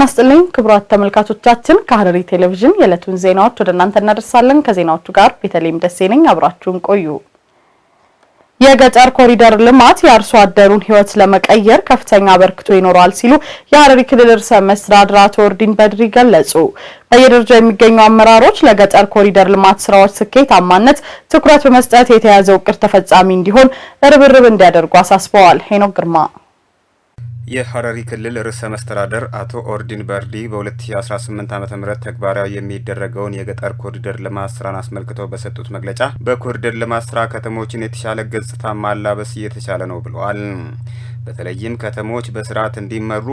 ጤና ስጥልኝ ክቡራት ተመልካቾቻችን፣ ከሐረሪ ቴሌቪዥን የዕለቱን ዜናዎች ወደ እናንተ እናደርሳለን። ከዜናዎቹ ጋር ቤተልሔም ደሴ ነኝ። አብራችሁን ቆዩ። የገጠር ኮሪደር ልማት የአርሶ አደሩን ሕይወት ለመቀየር ከፍተኛ አበርክቶ ይኖረዋል ሲሉ የሐረሪ ክልል ርዕሰ መስተዳድር አቶ ወርዲን በድሪ ገለጹ። በየደረጃው የሚገኙ አመራሮች ለገጠር ኮሪደር ልማት ስራዎች ስኬታማነት ትኩረት በመስጠት የተያዘው እቅድ ተፈጻሚ እንዲሆን ርብርብ እንዲያደርጉ አሳስበዋል። ሄኖክ ግርማ የሐረሪ ክልል ርዕሰ መስተዳደር አቶ ኦርዲን በርዲ በ2018 ዓ ም ተግባራዊ የሚደረገውን የገጠር ኮሪደር ልማት ስራን አስመልክተው በሰጡት መግለጫ በኮሪደር ልማት ስራ ከተሞችን የተሻለ ገጽታ ማላበስ እየተቻለ ነው ብለዋል። በተለይም ከተሞች በስርዓት እንዲመሩ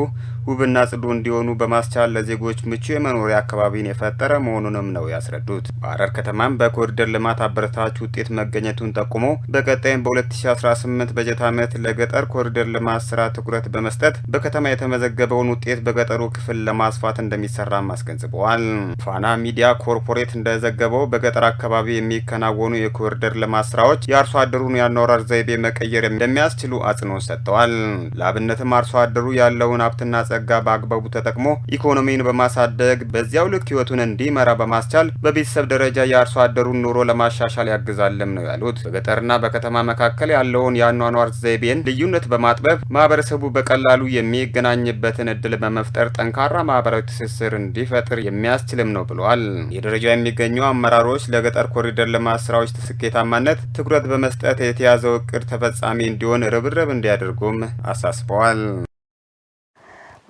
ውብና ጽዱ እንዲሆኑ በማስቻል ለዜጎች ምቹ የመኖሪያ አካባቢን የፈጠረ መሆኑንም ነው ያስረዱት። ሐረር ከተማም በኮሪደር ልማት አበረታች ውጤት መገኘቱን ጠቁሞ በቀጣይም በ2018 በጀት ዓመት ለገጠር ኮሪደር ልማት ስራ ትኩረት በመስጠት በከተማ የተመዘገበውን ውጤት በገጠሩ ክፍል ለማስፋት እንደሚሰራም አስገንዝበዋል። ፋና ሚዲያ ኮርፖሬት እንደዘገበው በገጠር አካባቢ የሚከናወኑ የኮሪደር ልማት ስራዎች የአርሶ አደሩን የአኗኗር ዘይቤ መቀየር እንደሚያስችሉ አጽንኦት ሰጥተዋል። ለአብነትም አርሶ አደሩ ያለውን ሀብትና ጸ ጸጋ በአግባቡ ተጠቅሞ ኢኮኖሚን በማሳደግ በዚያው ልክ ህይወቱን እንዲመራ በማስቻል በቤተሰብ ደረጃ የአርሶ አደሩን ኑሮ ለማሻሻል ያግዛልም ነው ያሉት። በገጠርና በከተማ መካከል ያለውን የአኗኗር ዘይቤን ልዩነት በማጥበብ ማህበረሰቡ በቀላሉ የሚገናኝበትን እድል በመፍጠር ጠንካራ ማህበራዊ ትስስር እንዲፈጥር የሚያስችልም ነው ብለዋል። የደረጃ የሚገኙ አመራሮች ለገጠር ኮሪደር ልማት ስራዎች ስኬታማነት ትኩረት በመስጠት የተያዘው እቅድ ተፈጻሚ እንዲሆን ርብርብ እንዲያደርጉም አሳስበዋል።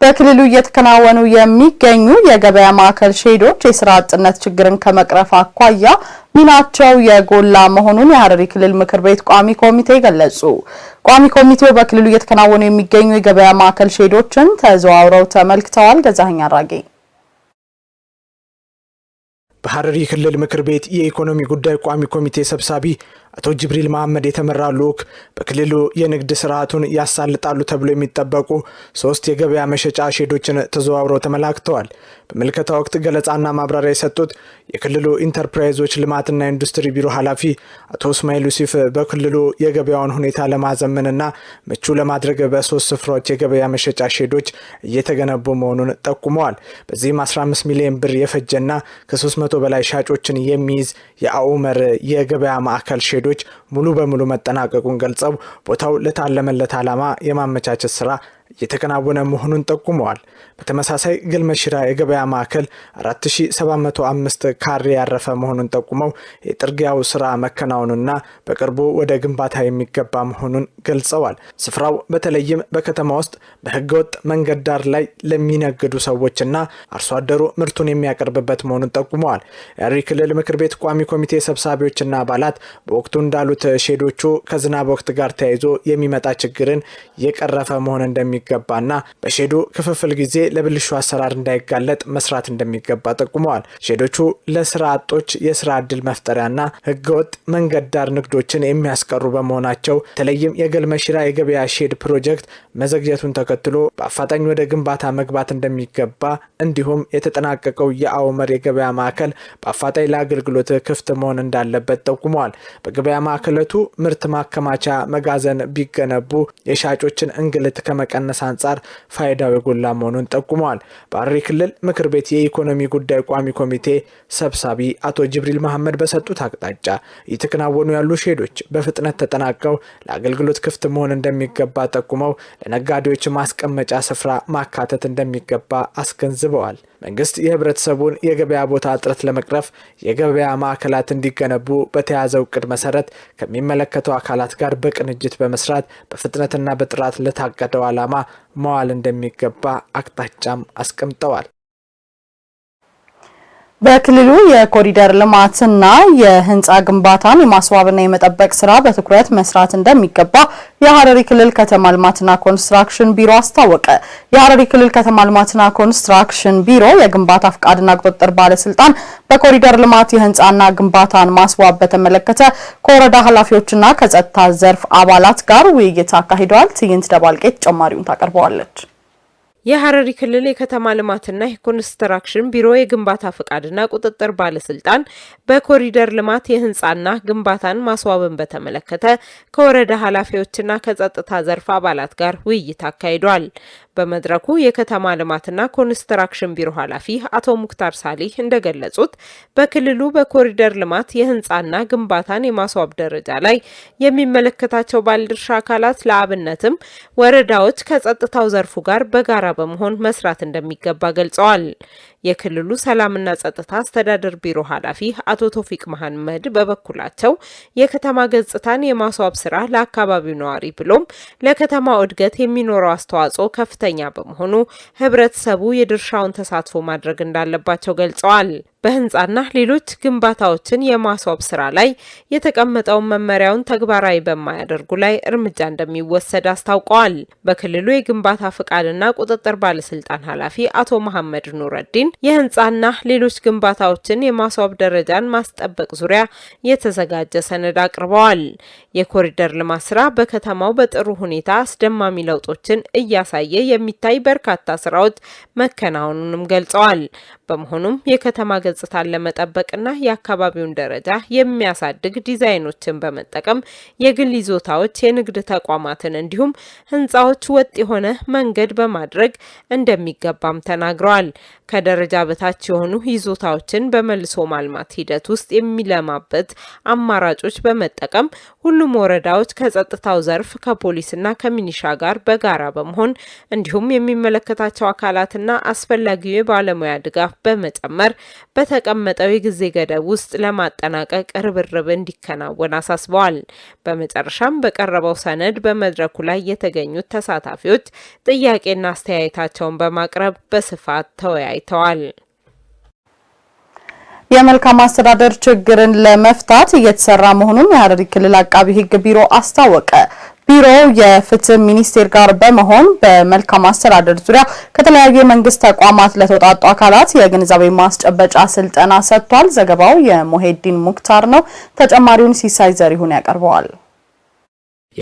በክልሉ እየተከናወኑ የሚገኙ የገበያ ማዕከል ሼዶች የስራ አጥነት ችግርን ከመቅረፍ አኳያ ሚናቸው የጎላ መሆኑን የሐረሪ ክልል ምክር ቤት ቋሚ ኮሚቴ ገለጹ። ቋሚ ኮሚቴው በክልሉ እየተከናወኑ የሚገኙ የገበያ ማዕከል ሼዶችን ተዘዋውረው ተመልክተዋል። ገዛኸኝ አራጌ በሐረሪ ክልል ምክር ቤት የኢኮኖሚ ጉዳይ ቋሚ ኮሚቴ ሰብሳቢ አቶ ጅብሪል መሐመድ የተመራ ልዑክ በክልሉ የንግድ ስርዓቱን ያሳልጣሉ ተብሎ የሚጠበቁ ሶስት የገበያ መሸጫ ሼዶችን ተዘዋውረው ተመላክተዋል። በምልከታ ወቅት ገለጻና ማብራሪያ የሰጡት የክልሉ ኢንተርፕራይዞች ልማትና ኢንዱስትሪ ቢሮ ኃላፊ አቶ እስማኤል ዩሲፍ በክልሉ የገበያውን ሁኔታ ለማዘመንና ምቹ ለማድረግ በሶስት ስፍራዎች የገበያ መሸጫ ሼዶች እየተገነቡ መሆኑን ጠቁመዋል። በዚህም 15 ሚሊዮን ብር የፈጀና ከ300 በላይ ሻጮችን የሚይዝ የአኡመር የገበያ ማዕከል ሼዶ መንገዶች ሙሉ በሙሉ መጠናቀቁን ገልጸው ቦታው ለታለመለት ዓላማ የማመቻቸት ስራ እየተከናወነ መሆኑን ጠቁመዋል። በተመሳሳይ ግልመሽራ የገበያ ማዕከል 4705 ካሬ ያረፈ መሆኑን ጠቁመው የጥርጊያው ስራ መከናወኑና በቅርቡ ወደ ግንባታ የሚገባ መሆኑን ገልጸዋል። ስፍራው በተለይም በከተማ ውስጥ በህገወጥ መንገድ ዳር ላይ ለሚነግዱ ሰዎችና አርሶ አደሩ ምርቱን የሚያቀርብበት መሆኑን ጠቁመዋል። የሐረሪ ክልል ምክር ቤት ቋሚ ኮሚቴ ሰብሳቢዎችና አባላት በወቅቱ እንዳሉት ሼዶቹ ከዝናብ ወቅት ጋር ተያይዞ የሚመጣ ችግርን የቀረፈ መሆን እንደሚ እንደሚገባና በሼዱ ክፍፍል ጊዜ ለብልሹ አሰራር እንዳይጋለጥ መስራት እንደሚገባ ጠቁመዋል። ሼዶቹ ለስራ አጦች የስራ እድል መፍጠሪያና ህገወጥ መንገድ ዳር ንግዶችን የሚያስቀሩ በመሆናቸው በተለይም የገልመሽራ የገበያ ሼድ ፕሮጀክት መዘግየቱን ተከትሎ በአፋጣኝ ወደ ግንባታ መግባት እንደሚገባ እንዲሁም የተጠናቀቀው የአውመር የገበያ ማዕከል በአፋጣኝ ለአገልግሎት ክፍት መሆን እንዳለበት ጠቁመዋል። በገበያ ማዕከለቱ ምርት ማከማቻ መጋዘን ቢገነቡ የሻጮችን እንግልት ከመቀነስ ከመቀነስ አንጻር ፋይዳው የጎላ መሆኑን ጠቁመዋል። በሐረሪ ክልል ምክር ቤት የኢኮኖሚ ጉዳይ ቋሚ ኮሚቴ ሰብሳቢ አቶ ጅብሪል መሐመድ በሰጡት አቅጣጫ እየተከናወኑ ያሉ ሼዶች በፍጥነት ተጠናቀው ለአገልግሎት ክፍት መሆን እንደሚገባ ጠቁመው ለነጋዴዎች ማስቀመጫ ስፍራ ማካተት እንደሚገባ አስገንዝበዋል። መንግስት የህብረተሰቡን የገበያ ቦታ እጥረት ለመቅረፍ የገበያ ማዕከላት እንዲገነቡ በተያዘው እቅድ መሰረት ከሚመለከተው አካላት ጋር በቅንጅት በመስራት በፍጥነትና በጥራት ለታቀደው ዓላማ መዋል እንደሚገባ አቅጣጫም አስቀምጠዋል። በክልሉ የኮሪደር ልማትና የህንፃ ግንባታን የማስዋብና የመጠበቅ ስራ በትኩረት መስራት እንደሚገባ የሐረሪ ክልል ከተማ ልማትና ኮንስትራክሽን ቢሮ አስታወቀ። የሐረሪ ክልል ከተማ ልማትና ኮንስትራክሽን ቢሮ የግንባታ ፍቃድና ቁጥጥር ባለስልጣን በኮሪደር ልማት የህንፃና ግንባታን ማስዋብ በተመለከተ ከወረዳ ኃላፊዎችና ከጸጥታ ዘርፍ አባላት ጋር ውይይት አካሂደዋል። ትዕይንት ደባልቄ ተጨማሪውን ታቀርበዋለች። የሐረሪ ክልል የከተማ ልማትና የኮንስትራክሽን ቢሮ የግንባታ ፍቃድና ቁጥጥር ባለስልጣን በኮሪደር ልማት የህንፃና ግንባታን ማስዋብን በተመለከተ ከወረዳ ኃላፊዎችና ከጸጥታ ዘርፍ አባላት ጋር ውይይት አካሂዷል። በመድረኩ የከተማ ልማትና ኮንስትራክሽን ቢሮ ኃላፊ አቶ ሙክታር ሳሊህ እንደገለጹት በክልሉ በኮሪደር ልማት የህንፃና ግንባታን የማስዋብ ደረጃ ላይ የሚመለከታቸው ባለድርሻ አካላት ለአብነትም ወረዳዎች ከጸጥታው ዘርፉ ጋር በጋራ በመሆን መስራት እንደሚገባ ገልጸዋል። የክልሉ ሰላምና ጸጥታ አስተዳደር ቢሮ ኃላፊ አቶ ቶፊቅ መሐመድ በበኩላቸው የከተማ ገጽታን የማስዋብ ስራ ለአካባቢው ነዋሪ ብሎም ለከተማው እድገት የሚኖረው አስተዋጽኦ ከፍተ ከፍተኛ በመሆኑ ህብረተሰቡ የድርሻውን ተሳትፎ ማድረግ እንዳለባቸው ገልጸዋል። በህንፃና ሌሎች ግንባታዎችን የማስዋብ ስራ ላይ የተቀመጠውን መመሪያውን ተግባራዊ በማያደርጉ ላይ እርምጃ እንደሚወሰድ አስታውቀዋል። በክልሉ የግንባታ ፍቃድና ቁጥጥር ባለስልጣን ኃላፊ አቶ መሐመድ ኑረዲን የህንፃና ሌሎች ግንባታዎችን የማስዋብ ደረጃን ማስጠበቅ ዙሪያ የተዘጋጀ ሰነድ አቅርበዋል። የኮሪደር ልማት ስራ በከተማው በጥሩ ሁኔታ አስደማሚ ለውጦችን እያሳየ የሚታይ በርካታ ስራዎች መከናወኑንም ገልጸዋል። በመሆኑም የከተማ ገጽታን ለመጠበቅና የአካባቢውን ደረጃ የሚያሳድግ ዲዛይኖችን በመጠቀም የግል ይዞታዎች፣ የንግድ ተቋማትን እንዲሁም ህንፃዎች ወጥ የሆነ መንገድ በማድረግ እንደሚገባም ተናግረዋል። ከደረጃ በታች የሆኑ ይዞታዎችን በመልሶ ማልማት ሂደት ውስጥ የሚለማበት አማራጮች በመጠቀም ሁሉም ወረዳዎች ከጸጥታው ዘርፍ ከፖሊስና ከሚኒሻ ጋር በጋራ በመሆን እንዲሁም የሚመለከታቸው አካላትና አስፈላጊው የባለሙያ ድጋፍ በመጨመር በተቀመጠው የጊዜ ገደብ ውስጥ ለማጠናቀቅ ርብርብ እንዲከናወን አሳስበዋል። በመጨረሻም በቀረበው ሰነድ በመድረኩ ላይ የተገኙት ተሳታፊዎች ጥያቄና አስተያየታቸውን በማቅረብ በስፋት ተወያይተዋል። የመልካም አስተዳደር ችግርን ለመፍታት እየተሰራ መሆኑን የሀረሪ ክልል አቃቢ ሕግ ቢሮ አስታወቀ። ቢሮው የፍትህ ሚኒስቴር ጋር በመሆን በመልካም አስተዳደር ዙሪያ ከተለያዩ የመንግስት ተቋማት ለተውጣጡ አካላት የግንዛቤ ማስጨበጫ ስልጠና ሰጥቷል። ዘገባው የሞሄዲን ሙክታር ነው። ተጨማሪውን ሲሳይ ዘሪሁን ያቀርበዋል።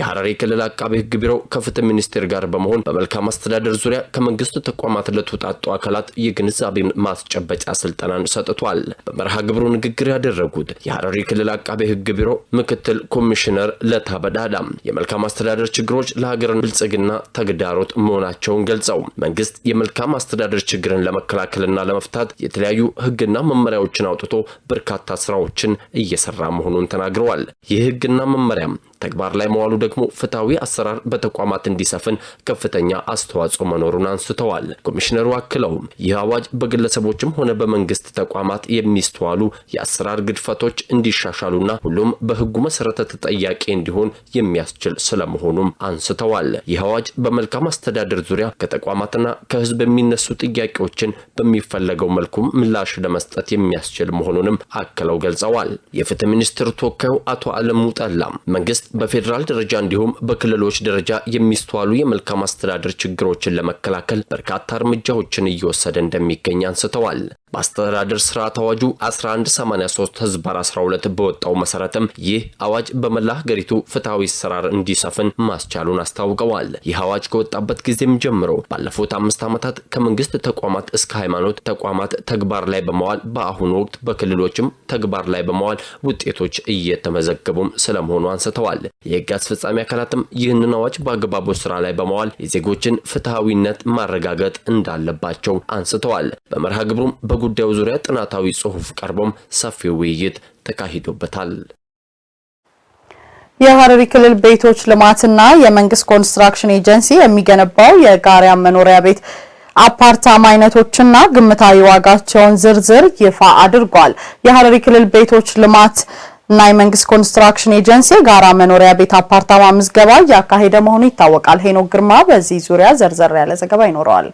የሐረሪ ክልል አቃቤ ሕግ ቢሮ ከፍትህ ሚኒስቴር ጋር በመሆን በመልካም አስተዳደር ዙሪያ ከመንግስት ተቋማት ለተውጣጡ አካላት የግንዛቤ ማስጨበጫ ስልጠናን ሰጥቷል። በመርሃ ግብሩ ንግግር ያደረጉት የሐረሪ ክልል አቃቤ ሕግ ቢሮ ምክትል ኮሚሽነር ለታ በዳዳ የመልካም አስተዳደር ችግሮች ለሀገር ብልጽግና ተግዳሮት መሆናቸውን ገልጸው መንግስት የመልካም አስተዳደር ችግርን ለመከላከልና ለመፍታት የተለያዩ ሕግና መመሪያዎችን አውጥቶ በርካታ ስራዎችን እየሰራ መሆኑን ተናግረዋል። ይህ ሕግና መመሪያም ተግባር ላይ መዋሉ ደግሞ ፍትሐዊ አሰራር በተቋማት እንዲሰፍን ከፍተኛ አስተዋጽኦ መኖሩን አንስተዋል። ኮሚሽነሩ አክለውም ይህ አዋጅ በግለሰቦችም ሆነ በመንግስት ተቋማት የሚስተዋሉ የአሰራር ግድፈቶች እንዲሻሻሉና ሁሉም በህጉ መሰረተ ተጠያቂ እንዲሆን የሚያስችል ስለመሆኑም አንስተዋል። ይህ አዋጅ በመልካም አስተዳደር ዙሪያ ከተቋማትና ከህዝብ የሚነሱ ጥያቄዎችን በሚፈለገው መልኩም ምላሽ ለመስጠት የሚያስችል መሆኑንም አክለው ገልጸዋል። የፍትህ ሚኒስትር ተወካዩ አቶ አለሙ ጠላም መንግስት መንግስት በፌዴራል ደረጃ እንዲሁም በክልሎች ደረጃ የሚስተዋሉ የመልካም አስተዳደር ችግሮችን ለመከላከል በርካታ እርምጃዎችን እየወሰደ እንደሚገኝ አንስተዋል። በአስተዳደር ስርዓት አዋጁ 1183 ህዝባር 12 በወጣው መሰረትም ይህ አዋጅ በመላ ሀገሪቱ ፍትሐዊ አሰራር እንዲሰፍን ማስቻሉን አስታውቀዋል። ይህ አዋጅ ከወጣበት ጊዜም ጀምሮ ባለፉት አምስት ዓመታት ከመንግስት ተቋማት እስከ ሃይማኖት ተቋማት ተግባር ላይ በመዋል በአሁኑ ወቅት በክልሎችም ተግባር ላይ በመዋል ውጤቶች እየተመዘገቡም ስለመሆኑ አንስተዋል። የህግ አስፈጻሚ አካላትም ይህንን አዋጅ በአግባቡ ስራ ላይ በመዋል የዜጎችን ፍትሐዊነት ማረጋገጥ እንዳለባቸው አንስተዋል። በመርሃ ግብሩም በጉ በጉዳዩ ዙሪያ ጥናታዊ ጽሑፍ ቀርቦም ሰፊ ውይይት ተካሂዶበታል። የሀረሪ ክልል ቤቶች ልማትና የመንግስት ኮንስትራክሽን ኤጀንሲ የሚገነባው የጋሪያ መኖሪያ ቤት አፓርታማ አይነቶችና ግምታዊ ዋጋቸውን ዝርዝር ይፋ አድርጓል። የሀረሪ ክልል ቤቶች ልማት እና የመንግስት ኮንስትራክሽን ኤጀንሲ የጋራ መኖሪያ ቤት አፓርታማ ምዝገባ እያካሄደ መሆኑ ይታወቃል። ሄኖክ ግርማ በዚህ ዙሪያ ዘርዘር ያለ ዘገባ ይኖረዋል።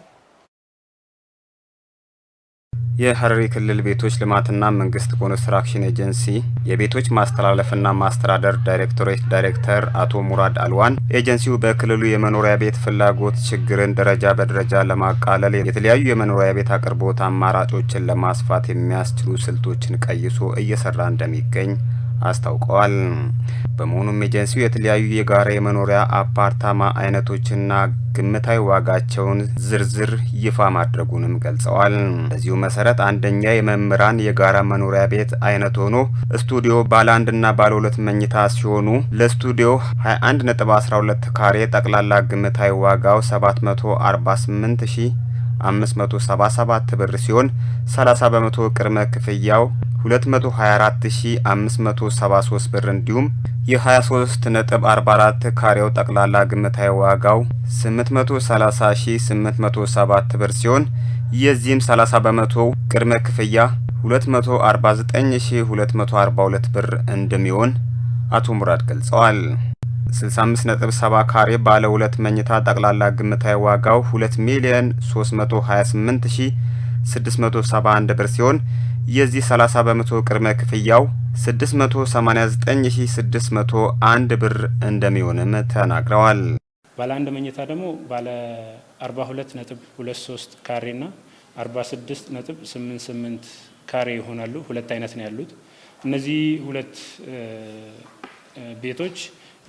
የሀረሪ ክልል ቤቶች ልማትና መንግስት ኮንስትራክሽን ኤጀንሲ የቤቶች ማስተላለፍና ማስተዳደር ዳይሬክቶሬት ዳይሬክተር አቶ ሙራድ አልዋን ኤጀንሲው በክልሉ የመኖሪያ ቤት ፍላጎት ችግርን ደረጃ በደረጃ ለማቃለል የተለያዩ የመኖሪያ ቤት አቅርቦት አማራጮችን ለማስፋት የሚያስችሉ ስልቶችን ቀይሶ እየሰራ እንደሚገኝ አስታውቀዋል። በመሆኑም ኤጀንሲው የተለያዩ የጋራ የመኖሪያ አፓርታማ አይነቶችና ግምታዊ ዋጋቸውን ዝርዝር ይፋ ማድረጉንም ገልጸዋል። በዚሁ መሰረት አንደኛ የመምህራን የጋራ መኖሪያ ቤት አይነት ሆኖ ስቱዲዮ ባለ አንድና ባለ ሁለት መኝታ ሲሆኑ ለስቱዲዮ 21 ነጥብ 12 ካሬ ጠቅላላ ግምታዊ ዋጋው 748 577 ብር ሲሆን 30 በመቶ ቅድመ ክፍያው 224573 ብር እንዲሁም የ23 ነጥብ 44 ካሬው ጠቅላላ ግምታዊ ዋጋው 830807 ብር ሲሆን የዚህም 30 በመቶ ቅድመ ክፍያ 249242 ብር እንደሚሆን አቶ ሙራድ ገልጸዋል። 65.7 ካሬ ባለ ሁለት መኝታ ጠቅላላ ግምታዊ ዋጋው 2 ሚሊዮን ሺ 671 ብር ሲሆን የዚህ 30 በመቶ ቅድመ ክፍያው 689601 ብር እንደሚሆንም ተናግረዋል። ባለ አንድ መኝታ ደግሞ ባለ 42 23 ካሬ ና 46 ነጥብ 88 ካሬ ይሆናሉ። ሁለት አይነት ነው ያሉት እነዚህ ሁለት ቤቶች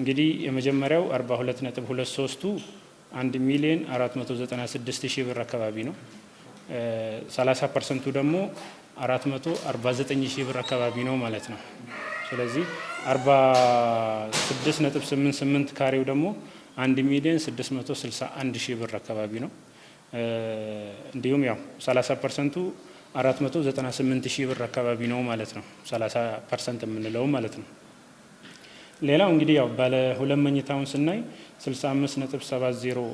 እንግዲህ የመጀመሪያው 42.23ቱ 1 ሚሊዮን 496 ሺህ ብር አካባቢ ነው። 30 ፐርሰንቱ ደግሞ 449 ሺህ ብር አካባቢ ነው ማለት ነው። ስለዚህ 46.88 ካሬው ደግሞ 1 ሚሊዮን 661 ሺህ ብር አካባቢ ነው። እንዲሁም ያው 30 ፐርሰንቱ 498 ሺህ ብር አካባቢ ነው ማለት ነው። 30 ፐርሰንት የምንለው ማለት ነው። ሌላው እንግዲህ ያው ባለ ሁለት መኝታውን ስናይ 65.70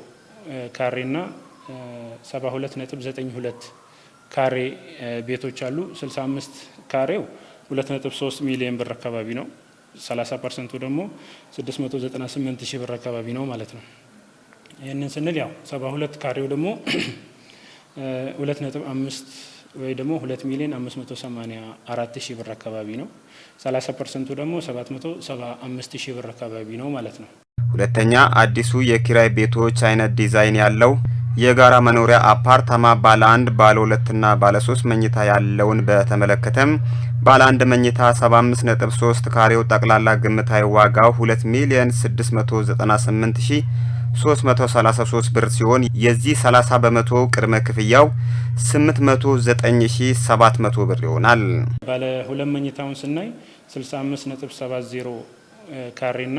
እና 72.92 ካሬ ቤቶች አሉ። 65 ካሬው 2.3 ሚሊዮን ብር አካባቢ ነው። 30 ፐርሰንቱ ደግሞ 698 ሺህ ብር አካባቢ ነው ማለት ነው። ይህንን ስንል ያው 72 ካሬው ደግሞ 2.5 ወይ ደግሞ 2 ሚሊዮን 584 ሺህ ብር አካባቢ ነው። 30 ፐርሰንቱ ደግሞ 775 ሺህ ብር አካባቢ ነው ማለት ነው። ሁለተኛ አዲሱ የኪራይ ቤቶች አይነት ዲዛይን ያለው የጋራ መኖሪያ አፓርታማ ባለ አንድ ባለ ሁለትና ባለ ሶስት መኝታ ያለውን በተመለከተም ባለ አንድ መኝታ 75 ነጥብ 3 ካሬው ጠቅላላ ግምታዊ ዋጋው 2 ሚሊዮን 698 ሺህ 333 ብር ሲሆን የዚህ 30 በመቶ ቅድመ ክፍያው 809700 ብር ይሆናል። ባለ ሁለት መኝታውን ስናይ 65.70 ካሬና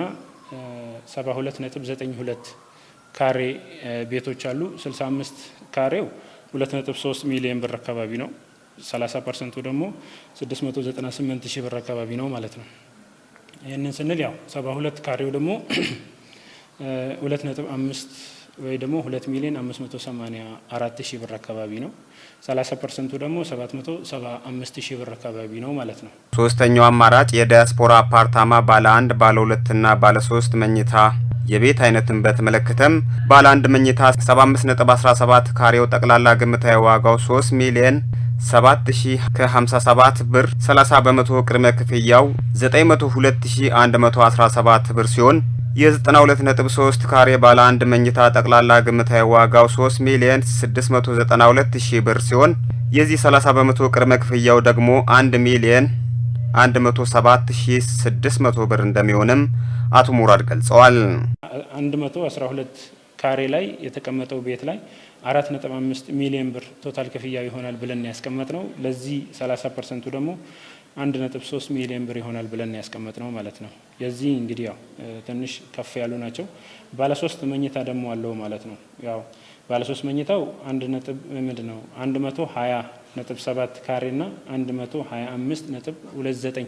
72.92 ካሬ ቤቶች አሉ። 65 ካሬው 2.3 ሚሊዮን ብር አካባቢ ነው። 30 ፐርሰንቱ ደግሞ 698 ሺህ ብር አካባቢ ነው ማለት ነው። ይህንን ስንል ያው 72 ካሬው ደግሞ ሁለት ነጥብ አምስት ወይ ደግሞ ሁለት ሚሊዮን አምስት መቶ ሰማኒያ አራት ሺህ ብር አካባቢ ነው። ሰላሳ ፐርሰንቱ ደግሞ ሰባት መቶ ሰባ አምስት ሺህ ብር አካባቢ ነው ማለት ነው። ሶስተኛው አማራጭ የዲያስፖራ አፓርታማ ባለ አንድ ባለ ሁለትና ባለ ሶስት መኝታ የቤት አይነትን በተመለከተም ባለ አንድ መኝታ 75.17 ካሬው ጠቅላላ ግምታዊ ዋጋው 3 ሚሊዮን 7057 ብር 30 በመቶ ቅድመ ክፍያው 902117 ብር ሲሆን የ92.3 ካሬ ባለ አንድ መኝታ ጠቅላላ ግምታዊ ዋጋው 3 ሚሊዮን 692 ሺህ ብር ሲሆን የዚህ 30 በመቶ ቅድመ ክፍያው ደግሞ 1 ሚሊዮን 107600 ብር እንደሚሆንም አቶ ሙራድ ገልጸዋል። 112 ካሬ ላይ የተቀመጠው ቤት ላይ 4.5 ሚሊዮን ብር ቶታል ክፍያ ይሆናል ብለን ያስቀመጥ ነው። ለዚህ 30 ፐርሰንቱ ደግሞ 1.3 ሚሊዮን ብር ይሆናል ብለን ያስቀመጥ ነው ማለት ነው። የዚህ እንግዲህ ያው ትንሽ ከፍ ያሉ ናቸው። ባለ መኝታ ደግሞ አለው ማለት ነው። ያው ባለ መኝታው አንድ ነጥብ ነው 120 ነጥብ 7 ካሬ እና 125 ነጥብ 29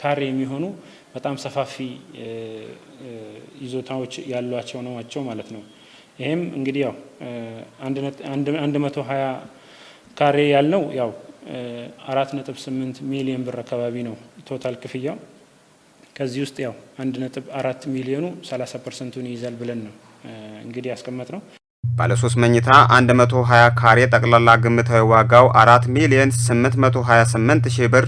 ካሬ የሚሆኑ በጣም ሰፋፊ ይዞታዎች ያሏቸው ናቸው ማለት ነው። ይህም እንግዲህ ያው 120 ካሬ ያልነው ያው 4.8 ሚሊዮን ብር አካባቢ ነው ቶታል ክፍያው። ከዚህ ውስጥ ያው 1.4 ሚሊዮኑ 30 ፐርሰንቱን ይይዛል ብለን ነው እንግዲህ ያስቀመጥ ነው። ባለሶስት መኝታ 120 ካሬ ጠቅላላ ግምታዊ ዋጋው 4 ሚሊዮን 828 ሺህ ብር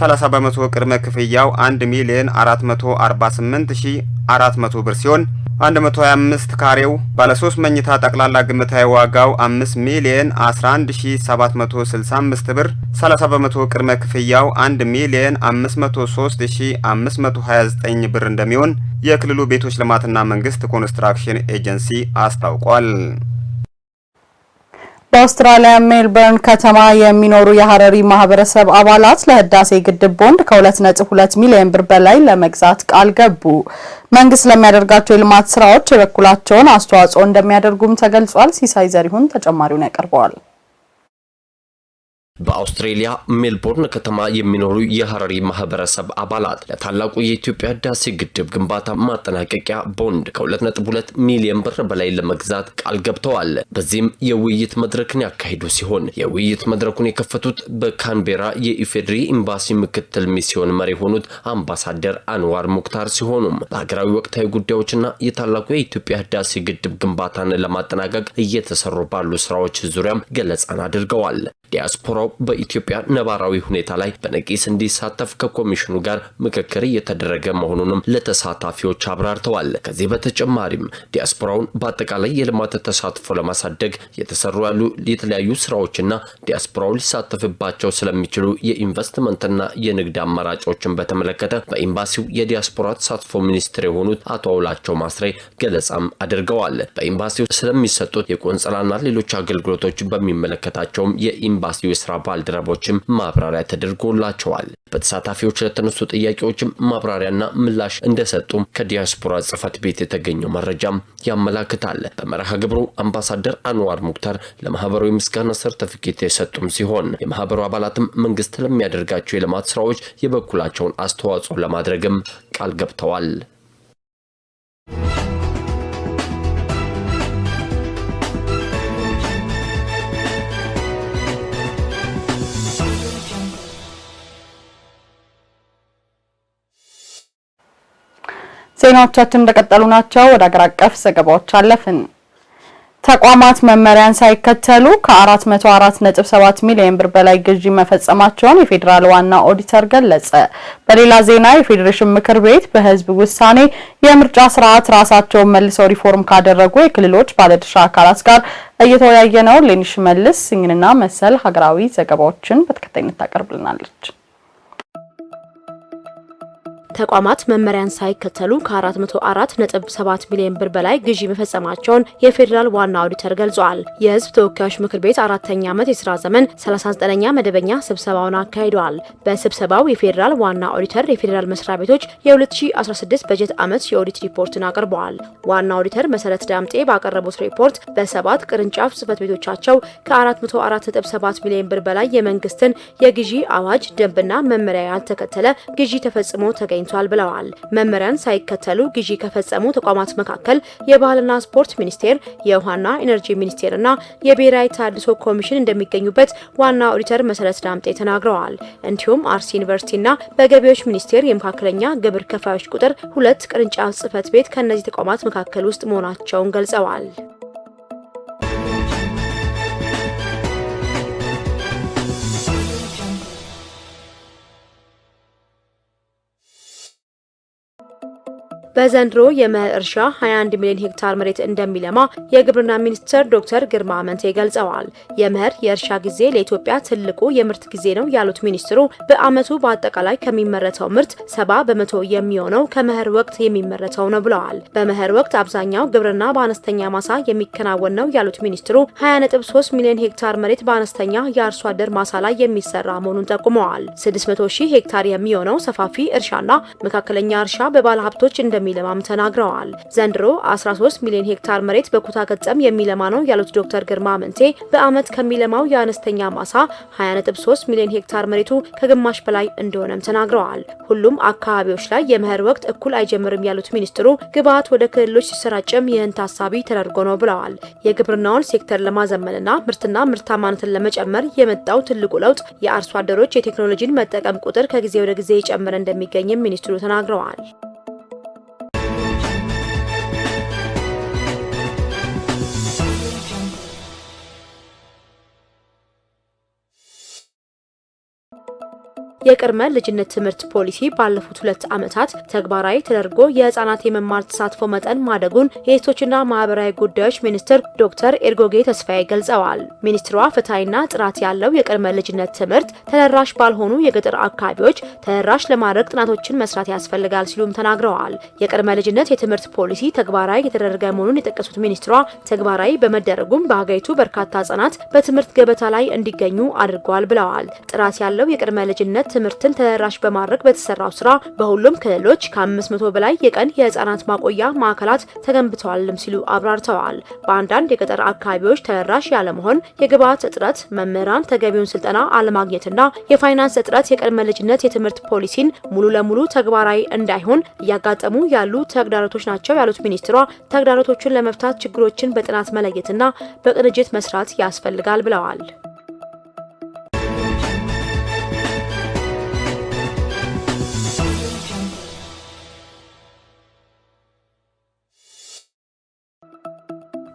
30 በመቶ ቅድመ ክፍያው 1 ሚሊዮን 448 ሺህ 400 ብር ሲሆን 125 ካሬው ባለ 3 መኝታ ጠቅላላ ግምታዊ ዋጋው 5 ሚሊዮን 11765 ብር፣ 30 በመቶ ቅድመ ክፍያው 1 ሚሊዮን 503529 ብር እንደሚሆን የክልሉ ቤቶች ልማትና መንግስት ኮንስትራክሽን ኤጀንሲ አስታውቋል። በአውስትራሊያ ሜልበርን ከተማ የሚኖሩ የሀረሪ ማህበረሰብ አባላት ለህዳሴ ግድብ ቦንድ ከ2.2 ሚሊዮን ብር በላይ ለመግዛት ቃል ገቡ። መንግስት ለሚያደርጋቸው የልማት ስራዎች የበኩላቸውን አስተዋጽኦ እንደሚያደርጉም ተገልጿል። ሲሳይ ዘሪሁን ተጨማሪውን ያቀርበዋል። በአውስትሬሊያ ሜልቦርን ከተማ የሚኖሩ የሀረሪ ማህበረሰብ አባላት ለታላቁ የኢትዮጵያ ህዳሴ ግድብ ግንባታ ማጠናቀቂያ ቦንድ ከ2.2 ሚሊዮን ብር በላይ ለመግዛት ቃል ገብተዋል። በዚህም የውይይት መድረክን ያካሂዱ ሲሆን የውይይት መድረኩን የከፈቱት በካንቤራ የኢፌዴሪ ኤምባሲ ምክትል ሚስዮን መሪ የሆኑት አምባሳደር አንዋር ሙክታር ሲሆኑም በሀገራዊ ወቅታዊ ጉዳዮችና የታላቁ የኢትዮጵያ ህዳሴ ግድብ ግንባታን ለማጠናቀቅ እየተሰሩ ባሉ ስራዎች ዙሪያም ገለጻን አድርገዋል። ዲያስፖራው በኢትዮጵያ ነባራዊ ሁኔታ ላይ በነቂስ እንዲሳተፍ ከኮሚሽኑ ጋር ምክክር እየተደረገ መሆኑንም ለተሳታፊዎች አብራርተዋል። ከዚህ በተጨማሪም ዲያስፖራውን በአጠቃላይ የልማት ተሳትፎ ለማሳደግ የተሰሩ ያሉ የተለያዩ ስራዎችና ዲያስፖራው ሊሳተፍባቸው ስለሚችሉ የኢንቨስትመንትና የንግድ አማራጮችን በተመለከተ በኤምባሲው የዲያስፖራ ተሳትፎ ሚኒስትር የሆኑት አቶ አውላቸው ማስሬ ገለጻም አድርገዋል። በኤምባሲው ስለሚሰጡት የቆንጽላና ሌሎች አገልግሎቶች በሚመለከታቸውም ኤምባሲው የስራ ባልደረቦችም ማብራሪያ ተደርጎላቸዋል። በተሳታፊዎች ለተነሱ ጥያቄዎችም ማብራሪያና ምላሽ እንደሰጡም ከዲያስፖራ ጽህፈት ቤት የተገኘው መረጃም ያመላክታል። በመርሃ ግብሩ አምባሳደር አንዋር ሙክተር ለማህበሩ የምስጋና ሰርተፊኬት የሰጡም ሲሆን የማህበሩ አባላትም መንግስት ለሚያደርጋቸው የልማት ስራዎች የበኩላቸውን አስተዋጽኦ ለማድረግም ቃል ገብተዋል። ዜናዎቻችን እንደቀጠሉ ናቸው። ወደ አገር አቀፍ ዘገባዎች አለፍን። ተቋማት መመሪያን ሳይከተሉ ከ404.7 ሚሊዮን ብር በላይ ግዢ መፈጸማቸውን የፌዴራል ዋና ኦዲተር ገለጸ። በሌላ ዜና የፌዴሬሽን ምክር ቤት በሕዝብ ውሳኔ የምርጫ ስርዓት ራሳቸውን መልሰው ሪፎርም ካደረጉ የክልሎች ባለድርሻ አካላት ጋር እየተወያየ ነው። ሌኒሽ መልስ ይህንና መሰል ሀገራዊ ዘገባዎችን በተከታይነት ታቀርብልናለች። ተቋማት መመሪያን ሳይከተሉ ከ404.7 ሚሊዮን ብር በላይ ግዢ መፈጸማቸውን የፌዴራል ዋና ኦዲተር ገልጿል። የህዝብ ተወካዮች ምክር ቤት አራተኛ ዓመት የስራ ዘመን 39ኛ መደበኛ ስብሰባውን አካሂደዋል። በስብሰባው የፌዴራል ዋና ኦዲተር የፌዴራል መስሪያ ቤቶች የ2016 በጀት ዓመት የኦዲት ሪፖርትን አቅርበዋል። ዋና ኦዲተር መሰረት ዳምጤ ባቀረቡት ሪፖርት በሰባት ቅርንጫፍ ጽህፈት ቤቶቻቸው ከ404.7 ሚሊዮን ብር በላይ የመንግስትን የግዢ አዋጅ ደንብና መመሪያ ያልተከተለ ግዢ ተፈጽሞ ተገኝ ተገኝቷል ብለዋል። መመሪያን ሳይከተሉ ግዢ ከፈጸሙ ተቋማት መካከል የባህልና ስፖርት ሚኒስቴር፣ የውሃና ኢነርጂ ሚኒስቴርና የብሔራዊ ተሃድሶ ኮሚሽን እንደሚገኙበት ዋና ኦዲተር መሰረት ዳምጤ ተናግረዋል። እንዲሁም አርሲ ዩኒቨርሲቲና በገቢዎች ሚኒስቴር የመካከለኛ ግብር ከፋዮች ቁጥር ሁለት ቅርንጫፍ ጽህፈት ቤት ከእነዚህ ተቋማት መካከል ውስጥ መሆናቸውን ገልጸዋል። Thank you በዘንድሮ የመኸር እርሻ 21 ሚሊዮን ሄክታር መሬት እንደሚለማ የግብርና ሚኒስትር ዶክተር ግርማ አመንቴ ገልጸዋል። የመኸር የእርሻ ጊዜ ለኢትዮጵያ ትልቁ የምርት ጊዜ ነው ያሉት ሚኒስትሩ በዓመቱ በአጠቃላይ ከሚመረተው ምርት ሰባ በመቶ የሚሆነው ከመኸር ወቅት የሚመረተው ነው ብለዋል። በመኸር ወቅት አብዛኛው ግብርና በአነስተኛ ማሳ የሚከናወን ነው ያሉት ሚኒስትሩ 23 ሚሊዮን ሄክታር መሬት በአነስተኛ የአርሶ አደር ማሳ ላይ የሚሰራ መሆኑን ጠቁመዋል። 600 ሺህ ሄክታር የሚሆነው ሰፋፊ እርሻና መካከለኛ እርሻ በባለሀብቶች እንደ እንደሚለማም ተናግረዋል። ዘንድሮ 13 ሚሊዮን ሄክታር መሬት በኩታ ገጠም የሚለማ ነው ያሉት ዶክተር ግርማ መንቴ በአመት ከሚለማው የአነስተኛ ማሳ 20.3 ሚሊዮን ሄክታር መሬቱ ከግማሽ በላይ እንደሆነም ተናግረዋል። ሁሉም አካባቢዎች ላይ የመኸር ወቅት እኩል አይጀምርም ያሉት ሚኒስትሩ ግብዓት ወደ ክልሎች ሲሰራጭም ይህን ታሳቢ ተደርጎ ነው ብለዋል። የግብርናውን ሴክተር ለማዘመንና ምርትና ምርታማነትን ለመጨመር የመጣው ትልቁ ለውጥ የአርሶ አደሮች የቴክኖሎጂን መጠቀም ቁጥር ከጊዜ ወደ ጊዜ እየጨመረ እንደሚገኝም ሚኒስትሩ ተናግረዋል። የቅድመ ልጅነት ትምህርት ፖሊሲ ባለፉት ሁለት ዓመታት ተግባራዊ ተደርጎ የህጻናት የመማር ተሳትፎ መጠን ማደጉን የሴቶችና ማህበራዊ ጉዳዮች ሚኒስትር ዶክተር ኤርጎጌ ተስፋዬ ገልጸዋል። ሚኒስትሯ ፍትሐዊና ጥራት ያለው የቅድመ ልጅነት ትምህርት ተደራሽ ባልሆኑ የገጠር አካባቢዎች ተደራሽ ለማድረግ ጥናቶችን መስራት ያስፈልጋል ሲሉም ተናግረዋል። የቅድመ ልጅነት የትምህርት ፖሊሲ ተግባራዊ የተደረገ መሆኑን የጠቀሱት ሚኒስትሯ ተግባራዊ በመደረጉም በሀገሪቱ በርካታ ህጻናት በትምህርት ገበታ ላይ እንዲገኙ አድርገዋል ብለዋል። ጥራት ያለው የቅድመ ልጅነት ትምህርትን ተደራሽ በማድረግ በተሰራው ስራ በሁሉም ክልሎች ከ500 በላይ የቀን የህፃናት ማቆያ ማዕከላት ተገንብተዋልም ሲሉ አብራርተዋል። በአንዳንድ የገጠር አካባቢዎች ተደራሽ ያለመሆን፣ የግብዓት እጥረት፣ መምህራን ተገቢውን ስልጠና አለማግኘትና የፋይናንስ እጥረት የቅድመ ልጅነት የትምህርት ፖሊሲን ሙሉ ለሙሉ ተግባራዊ እንዳይሆን እያጋጠሙ ያሉ ተግዳሮቶች ናቸው ያሉት ሚኒስትሯ ተግዳሮቶቹን ለመፍታት ችግሮችን በጥናት መለየትና በቅንጅት መስራት ያስፈልጋል ብለዋል።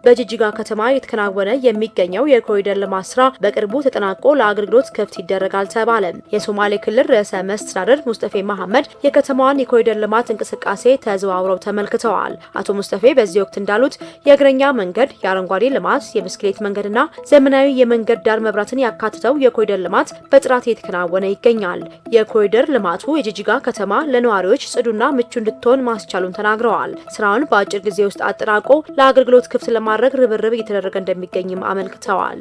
በጅጅጋ ከተማ የተከናወነ የሚገኘው የኮሪደር ልማት ስራ በቅርቡ ተጠናቆ ለአገልግሎት ክፍት ይደረጋል ተባለ። የሶማሌ ክልል ርዕሰ መስተዳደር ሙስጠፌ መሐመድ የከተማዋን የኮሪደር ልማት እንቅስቃሴ ተዘዋውረው ተመልክተዋል። አቶ ሙስጠፌ በዚህ ወቅት እንዳሉት የእግረኛ መንገድ፣ የአረንጓዴ ልማት፣ የብስክሌት መንገድና ዘመናዊ የመንገድ ዳር መብራትን ያካትተው የኮሪደር ልማት በጥራት የተከናወነ ይገኛል። የኮሪደር ልማቱ የጅጅጋ ከተማ ለነዋሪዎች ጽዱና ምቹ እንድትሆን ማስቻሉን ተናግረዋል። ስራውን በአጭር ጊዜ ውስጥ አጠናቆ ለአገልግሎት ክፍት ለማ ለማድረግ ርብርብ እየተደረገ እንደሚገኝም አመልክተዋል።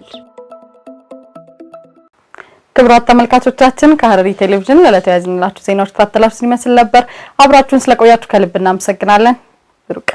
ክብራት ተመልካቾቻችን ከሀረሪ ቴሌቪዥን ለዕለቱ ያዝንላችሁ ዜናዎች ተከታተላችሁን ይመስል ነበር። አብራችሁን ስለቆያችሁ ከልብ እናመሰግናለን። ብሩቅ